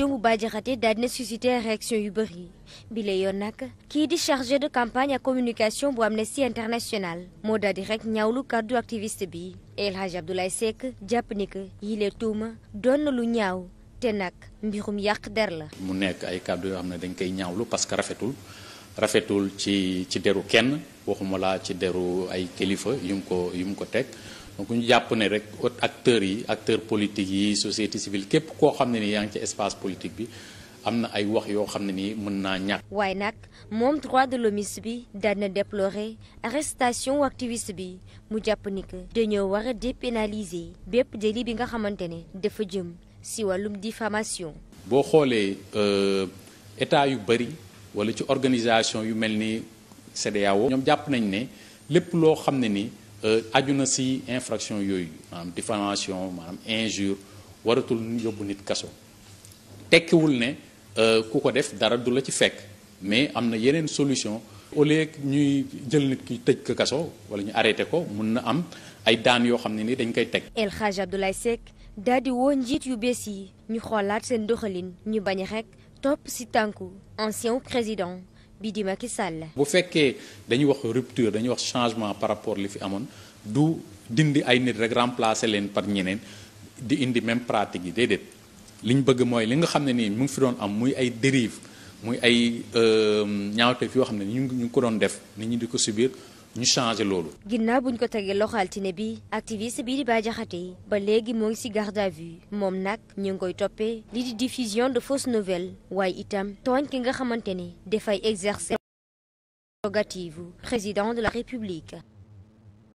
jëmu Bah Diakhaté na dina suscité réaction yu bëri bi la yoon nag kii di chargé de campagne ak communication bu Amnesty International moo daal di rek ñaawlu kàddu activiste bi El Hadj Abdoulaye Seck jàpp ni que yile tuuma doon na lu ñaaw te nag mbirum yàq der la. mu nekk ay kàddu yoo xam ne dañ koy ñaawlu parce que rafetul rafetul ci ci deru kenn waxuma laa ci deru ay kilifa yu mu ko yu ko teg. donc ñu jàpp ne rek acteur yi acteur politiques yi société civile képp koo xam ne ni yaa ngi ci espace politique bi am na ay wax yoo xam ne nii mën naa ñàkk. waaye nag moom droit de l'hommiste bi daan na déplorer arrestation activiste bi mu jàpp ni que dañoo war a dépénaliser bépp délit bi nga xamante ne dafa jëm si wàllum diffamation. boo xoolee euh, état yu bëri wala ci organisation yu mel ni CEDEAO. ñoom jàpp nañ ne lépp loo xam ne nii Euh, aju na si infraction yooyu maanaam diffamation maanaam injure waratul yóbbu nit kaso tekkiwul ne euh, ku ko def dara du la ci fekk mais am na yeneen solution au lieu ñuy jël nit ki tëj ko kaso wala ñu arrêté ko mun na am ay daan yoo xam ne nii dañ koy teg. El Hadj Abdoulaye Seck daal woo njiit yu bees yi ñu xoolaat seen doxalin ñu bañ a rekk topp ci tànku ancien président. bi di Macky Sall. bu fekkee dañuy wax rupture dañuy wax changement par rapport li fi amoon du dindi ay nit rek remplacer leen par ñeneen di indi même pratique yi déedéet li ñu bëgg mooy li nga xam ne nii mu ngi fi doon am muy ay dérive muy ay euh, ñaawteef yoo xam ne ñu ngi ko doon def nit ñi di ko sibiir ñu changé loolu. ginnaaw buñ ko tegee loxo altine bi activiste bii di Bah Diakhaté ba léegi moo ngi ci garde à vue moom nag ñu ngi koy toppee li di diffusion de fausses nouvelles waaye itam tooñ ki nga xamante ne dafay exercer prérogative président de la république.